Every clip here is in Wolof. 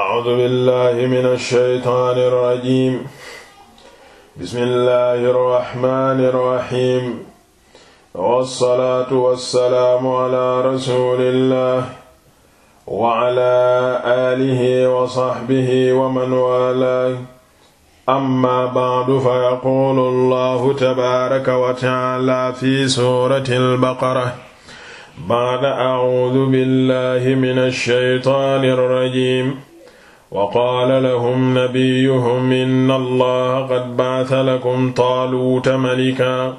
A'uuzu billaahi mina shaytaani rajiim. Bismillaahi rahmaani rahiim. Wassalaatu wassalaamu alaa rasuulillaah wa alaa aalihi wa sahbihi wa man waalaah. Ammaa ba'du fa yaquulu Allaahu tabaaraka wa ta'aalaa fi suuratil Baqara ba'da a'uuzu billaahi mina shaytaani rajiim. wa qaala lahum nabiyuhum inna allaha qad ba'atha lakum taaluuta malikan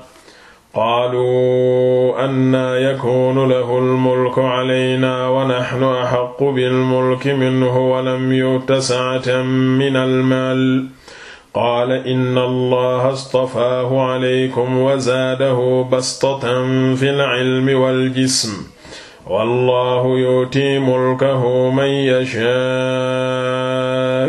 qaaluu annaa yakuunu lahu almulku calaynaa wa naxnu axaqqu bilmulki minhu wa lam yu'ta sa'atan min almaal qaala inna allaha astafaahu calaykum wa zaadahu bastatan fil cilmi wal jism wallahu yuti mulkahu man yashaa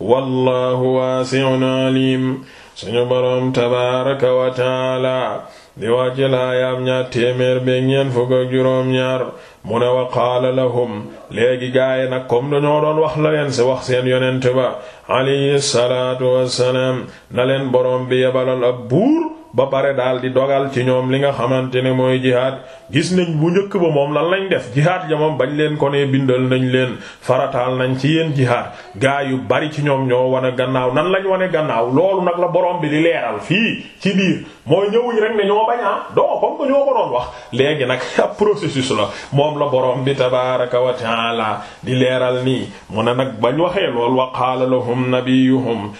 wallahu waasi'un alim suñu boroom tabaaraka wa taala di wax ci laayaam ñaar téeméer beeg ñeent fukk ak juróom-ñaar mu ne wa qaala lahum léegi gaay nag comme dañoo doon wax la leen si wax seen yonent ba alayhi salaatu wassalaam na leen boroom bi yebalal ab buur ba pare daal di dogal ci ñoom li nga xamante ne mooy jihaad gis nañ bu njëkk ba moom lan lañ def jihaad ja moom bañ leen ko ne bindal nañ leen farataal nañ ci yéen jihaad gaa yu bari ci ñoom ñoo wane gannaaw nan lañ wane gannaaw loolu nag la boroom bi di leeral fii ci biir mooy ñëwuñ rek ne ñoo bañ doo comme que ñoo ko doon wax léegi nag ab processus la moom la boroom bi tabaaraka wa taala di leeral nii mu ne nag bañ waxee lool wa qaala nabiyuhum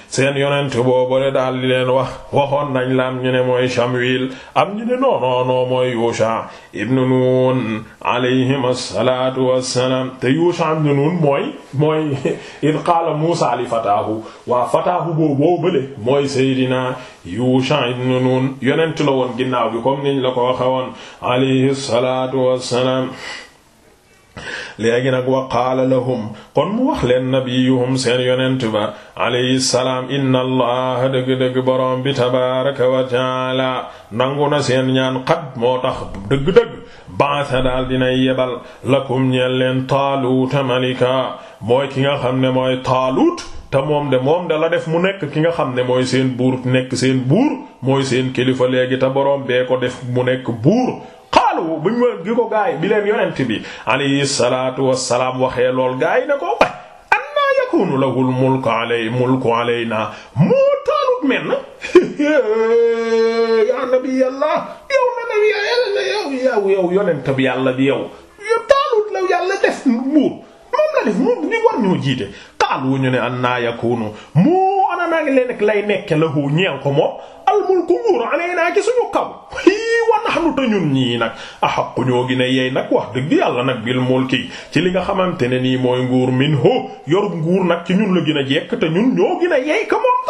mooy Shamwil am ñu ne non mooy Yusha ibn Nun alayhim as-salaatu wassalaam te Yusha ibn Nun mooy mooy id qaala Muusaa li fataahu waa fataahu boobu boo mooy Seydina Yusha ibn Nun yonent la woon ginnaaw bi comme niñ la ko waxee woon alayhi salaatu wassalaam léegi nag wa qaala lahum kon mu wax leen nabiyuhum seen yonent ba alayhi salaam inna allaha dëgg-dëgg borom bi tabaraka wa taala nangu na seen ñaan xat moo tax dëgg-dëgg baata daal dinay yebal lakum ñeel leen taaluuta malika mooy ki nga xam ne mooy taaluut te moom de moom da la def mu nekk ki nga xam ne mooy seen buur nekk seen buur mooy seen kilifa léegi te borom bee ko def mu nekk buur qaalu buñ ma gi ko gaay bi leen yonent bi alayhi salaatu wassalaam waxee lool gaay ne ko annaa yakunu lahul mulku alay mulku alaynaa moo taalut men yaa nabiyallah yow na nabi yàlla yow yow yow yonent bi yàlla bi yow yow taalut la yàlla def buur moom la def moom ni war ñoo jiite qaalu ñu ne annaa yakunu ngi leen lay nekke la hu ñeel ko moom almulku nguur alayna ci suñu kaw hii wa nahnu te ñun ñii nag ahaqu ñoo gi ne yey nag wax dëgg yàlla nag bil mulki ci li nga xamante ne nii mooy nguur minhu yor nguur nag ci ñun la gi a jekk te ñun ñoo gën a yey ko moom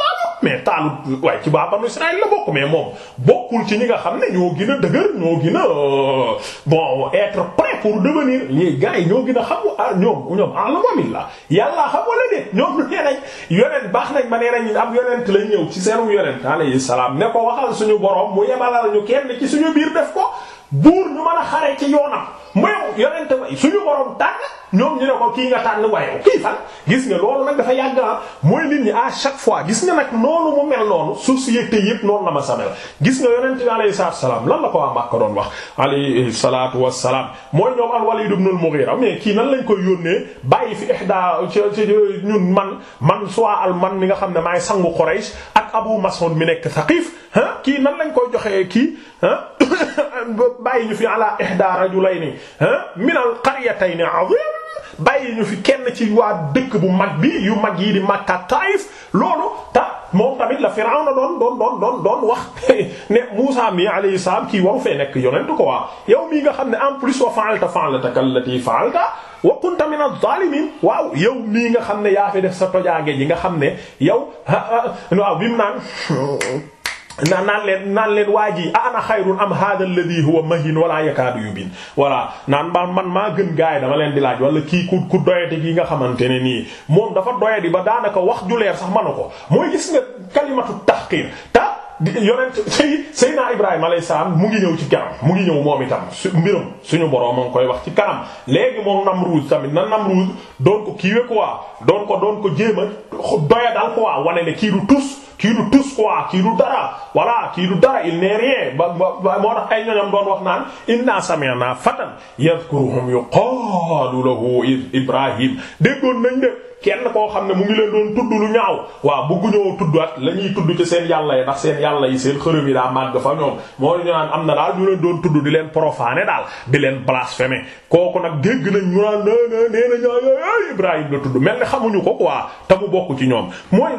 mais taalut waaye ci baa banu Israël la bokk mais moom bokkul ci ñi nga xam ne ñoo gina a ñoo gën a euh, bon être prêt pour devenir les gars yi ñoo gën a xam ah, ñoom ñoom alhamdulilah yàllaa xam wala de ñoom ñu nee nañ yonent baax nañ ma nee nañ ab yonent lay ñëw ci seenu yonent yi salaam ne ko waxal suñu borom mu yebalal ñu kenn ci suñu biir def ko. buur ñu mën a xare ci yoonam mooy yonente way suñu borom tànn ñoom ñu ne ko kii nga tànn waaye kii fan gis nga loolu nag dafa yàgg ah mooy nit ñi à chaque fois gis nga nag noonu mu mel noonu société yëpp noonu la ma samel gis nga yonente bi alayhi salaatu lan la ko a Makka doon wax alayhi salaatu wasalaam mooy ñoom al Walid ibn al Mughira mais kii nan lañ koy yónnee bàyyi fi ihda ci ñun man am soit al man mi nga xam ne maay sangu Quraysh ak Abu Mas'ud mi nekk Saqif ah kii nan lañ koy joxee kii ah bàyyi ñu fi ala ihda rajulayni ah min al qaryatayni azim bàyyi fi kenn ci waa dëkk bu mag bi yu mag yi di Makka Taif loolu moom tamit la Firawna doon doon doon doon doon wax ne Muusaa mi alayhi salaam kii waru fee nekk yonent ko waa yow mii nga xam ne en plus wa fa'alta fa'lataka allati fa'alta wa kunta min adh-dhalimin waaw yow mii nga xam ne yaa fi def sa tojaange ji nga xam ne yow waaw bi mu naan na naan leen naan leen waa ji ana xayrun am hada alladhi huwa mahin wala yakaadu yubin voilà naan ma man maa gën gaay dama leen di laaj wala kii ku ku doyati gi nga xamante ne nii moom dafa doyati ba daanaka wax ju sax manu ko mooy gis nga kalimatu tahqir ta yonent say Seydina Ibrahima alayhi salaam mu ngi ñëw ci kanam mu ngi ñëw moom itam su mbiram suñu borom a ngi koy wax ci kanam léegi moom Namruud tamit na Namruud doon ko kiiwe quoi doon ko doon ko jéem a doya dal quoi kii du tus quoi kii lu dara voilà kii du dara il n'est rien ba ba moo tax ay ñoñam doon wax naan inna sami'na fatan yadhkuruhum yuqalu lahu ibrahim déggoon nañ de kenn koo xam ne mu ngi leen doon tudd lu ñaaw waaw bëggu ñëw tuddaat la ñuy tudd ci seen yàlla yi ndax seen yàlla yi seen xërëm yi daa màgg fa ñoom moo ñu naan am na daal ñu leen doon tudd di leen profané daal di leen blasphémé kooku nag dégg nañ ñu naan nee na ñaa Ibrahim la n mel ni ko quoi te mu bokk ci ñoom mooy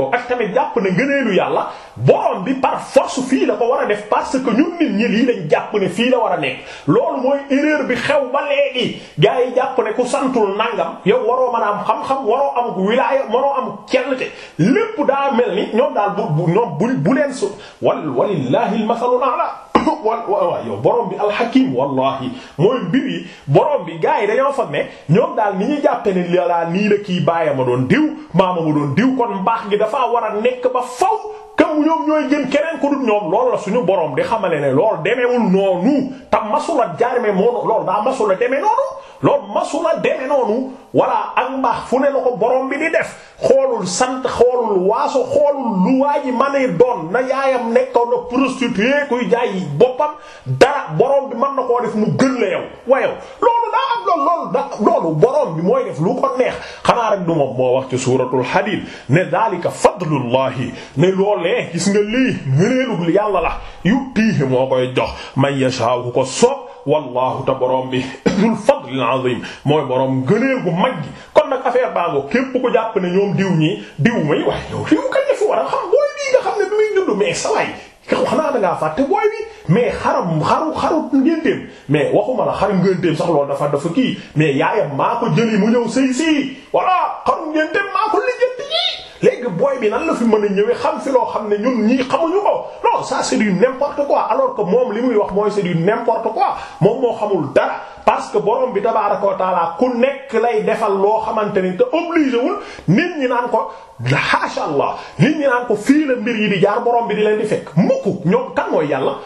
boobu ak tamit jàpp ne ngëneelu yàlla borom bi par force fii la ko war a def parce que ñun nit ñi lii lañ jàpp ne fii la war a nekk loolu mooy erreur bi xew ba léegi gars yi jàpp ne ku santul nangam yow waroo mën a am xam-xam waroo am wilaaya waroo am cellite lépp daa mel ni ñoom daal bu ñoom bu bu leen su wal walillahi al masalul a'la wa waaw yow borom bi alxakim wallahi mooy mbir yi borom bi gars yi dañoo fa ne ñoom daal ni ñu jàppe ne lolaa nii la kii bàyyi ma doon diw maama ma doon diw kon mbaax gi dafa war a nekk ba faw kam ñoom ñooy gën keneen ku dul ñoom lool la suñu borom di xamale ne loolu demeewul noonu te masula jaarime moo loolu daa masula demee noonu loolu masula deme noonu walla ak fu ne la ko borom bi di def xoolul sant xoolul waaso xoolul lu waa ji mën doon na yaayam nekkoon na prostituée kuy jaay boppam dara borom bi mën na koo def mu gën la yow wayow loolu daa loolu loolu da loolu borom bi mooy def lu ko neex xanaa rek du moom moo wax ci suuratul Hadiid ne daalika fadlullahi ne loolee gis nga lii ngëneelul yàlla la yu tiihi moo koy jox man yashaa ko soob wallahu te borom bi dul fadlil azim mooy borom gëneel gu mag kon nag affaire baa ngo képp ko jàpp ne ñoom diw ñi diw may waaye yow diw kañ fi war a xam booy bii nga xam ne bi muy judd mais sawaay wax naa da ngaa fàtte booy bi mais xaram xaru xaru ngénteem mais waxuma la xar ngénteem sax loolu dafa dafa kii mais yaayam maa ko jëli mu ñëw sëy sii voilà xarum ngénteem maa ko lijjanti léegi booy bi nan la fi mën a ñëwee xam fi loo xam ne ñun ñii xamuñu ko non ça c'est du n'importe quoi alors que moom li muy wax mooy c'est du n'importe quoi moom moo xamul dara parce que borom bi tabaaraka wa taala ku nekk lay defal loo xamante ni te obligé wul nit ñi naan ko haasha allah nit ñi naan ko fii la mbir yi di jaar boroom bi di leen di fekk mukk ñoom kan mooy yàlla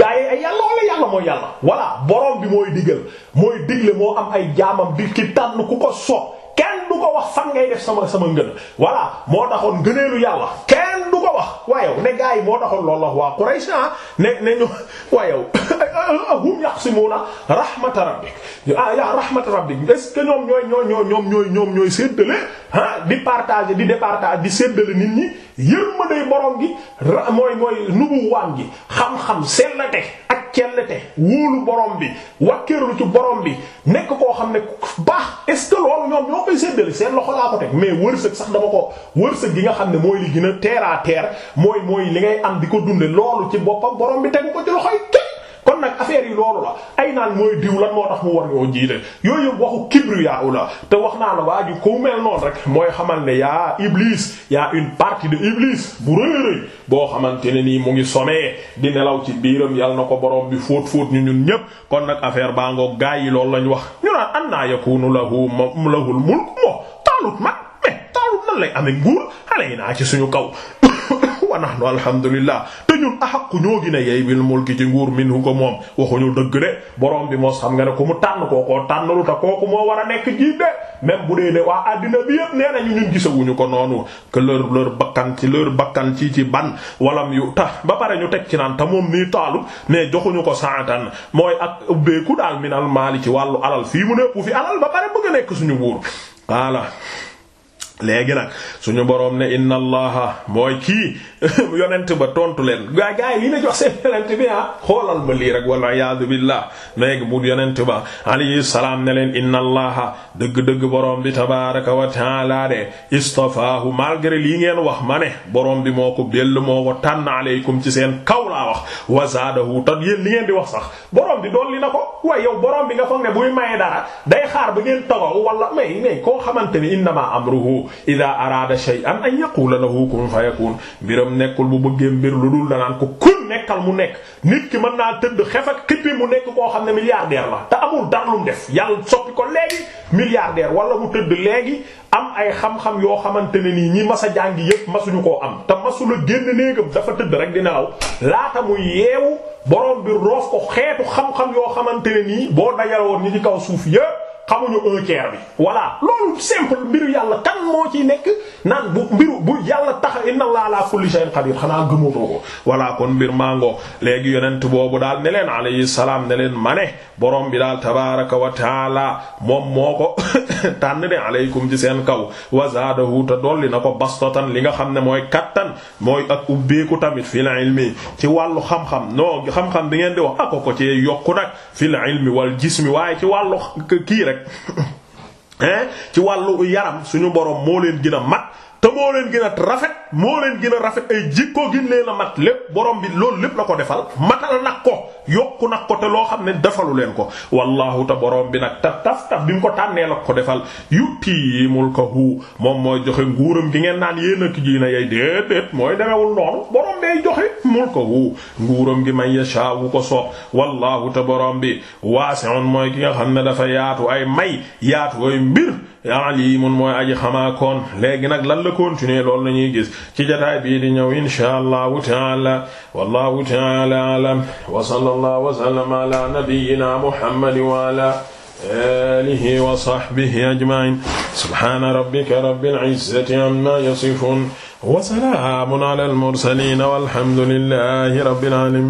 gaa yi ay yàlla wala yàlla mooy yàlla voilà borom bi mooy digal mooy digle moo am ay jaamam di ki tànn ku ko so wax fan ngay def sama sama ngën voilà moo taxoon gëneelu yàlla kenn du ko wax waayow ne gars yi moo taxoon loolu wax waa Quraysh ah, ne ne ñu waayow hum yaqsimuna rahmata rabbik ah ya rahmata rabbik est-ce que ñoom ñooy ñooy ñoom ñooy ñoom ñooy séddale ah di partager di départager di séddale nit ñi yërmande mooy borom gi ra mooy mooy nubu waam gi xam-xam sellate ak cellate wóolu borom bi wàkkeerlu ci borom bi nekk koo xam ne baax est ce que loolu ñoom ñoo koy séddale seen loxo laa ko teg mais wërsëg sax dama ko wërsëg gi nga xam ne mooy li gën a terre à terre mooy mooy li ngay am di ko dunde loolu ci boppam borom bi tegu ko ci loxoy teg kon nag affaire yi loolu la ay naan mooy diw moo tax mu war ñoo jiite yooyu yëpp waxu kibriya u la te wax naa la waa ji ku mel noonu rek mooy xamal ne yaa iblis yaa une partie de iblis bu rëy rëy boo xamante ne nii mu ngi some di nelaw ci biiram yàlla na ko borom bi fóot fóot ñu ñun ñépp kon nag affaire baa ngoog gaa yi loolu lañ wax ñu naan an naa yakunu lahu lahul mulk moo taalut man mais taalut nan lay amee nguur xale naa ci suñu kaw wa nahnu alhamdulillah te ñun ahaqu ñoo gi ne yey bil mulki ci nguur minhu ko moom waxuñu dëgg de borom bi moo xam nga ne ku mu tànn koo kookoo tànnalu te kooku moo war a nekk jiit de même bu dee ne waa àddina bi yëpp nee nañu ñun gisawuñu ko noonu que leur leur bakkan ci leur bakkan ci ci ban walam yu tax ba pare ñu teg ci naan te moom nii taalub mais joxuñu ko saatan mooy ak ubbeeku daal minal maali ci wàllu alal fii mu nekk fi alal ba pare bëgg nekk suñu nguur voilà léegi nag suñu boroom ne inna allaha mooy kii yonent ba tontu leen gaa gaa yi ne jox seen yonent bi ah xoolal ma lii rek wala iyaadu billah léegi mu yonent ba alayhi salaam ne leen inna allaha dëgg-dëgg borom bi tabaraka wa taala de istafaahu malgré lii ngeen wax ma ne boroom bi moo ko bell moo ko tànn aleykum ci seen kaw laa wax wa zaadahu ta yéen ngeen di wax sax boroom bi doon na ko waaye yow boroom bi nga foog ne buy maye may may koo xamante ni ida araada shay'an an yaqula lahu kun fayakun mbiram nekkul bu bëggee mbir lu dul danaan ko kun nekkal mu nekk nit ki mën naa tëdd xef ak mu nekk koo xam ne milliardaire la te amul dara lu mu def yàlla soppi ko léegi milliardaire wala mu tëdd léegi am ay xam-xam yoo xamante ne nii ñi mas a jàngi yëpp masuñu koo am te masu la génn néegam dafa tëdd rek di nelaw laata mu yeewu borom bi roof ko xeetu xam-xam yoo xamante ne nii boo dajal woon ñi ci kaw suuf yëpp xamuñu un tiers bi voilà loolu simple mbiru yàlla kan moo nekk naan bu mbiru bu yàlla tax inna allaha ala kulli shay'in qadir xanaa gëmatoo ko voilà kon mbir mango léegi yonent boobu daal ne leen alayhi salaam ne leen ma ne borom bi daal tabaraka wa taala moom moo ko tànn de aleykum ci seen kaw wa zaadahu ta na ko bastatan li nga xam ne mooy kattan mooy ak ubbeeku tamit fil ilmi ci wàllu xam-xam no xam-xam bi ngeen di wax ako ko ci yokku nag fil ilmi wal jismi waaye ci wàllu kii rek eh? ci wàllu yaram suñu borom moo leen gën mat te moo leen gën rafet moo leen gën a rafet ay jikko gin leen a mat lépp borom bi loolu lépp la ko defal matal nag ko yokku nag ko te loo xam ne defalu leen ko wallahu te boroom bi nag taf taf bi mu ko tànnee la ko defal yutii mulkahu moom mooy joxe nguuram gi ngeen naan yéen ki ji na yey déedéet mooy demewul noonu borom day joxe mulkahu nguuram gi may yasha wu ko soob wallahu te boroom bi waasi'un mooy ki nga xam ne dafa yaatu ay may yaatu alimun mooy aji xamaa koon léegi nag lan la continuer loolu la ñuy gis ci jotaay bii di ñëw inshaa allahu taala wallahu taala alam wa sallallahu wa sallama ala nabiyyina muhammad wa ala alihi wa sahbihi ajma'in subhana rabbika rabbil izzati amma yasifun wa salamun ala al mursalin walhamdulillahi rabbil alamin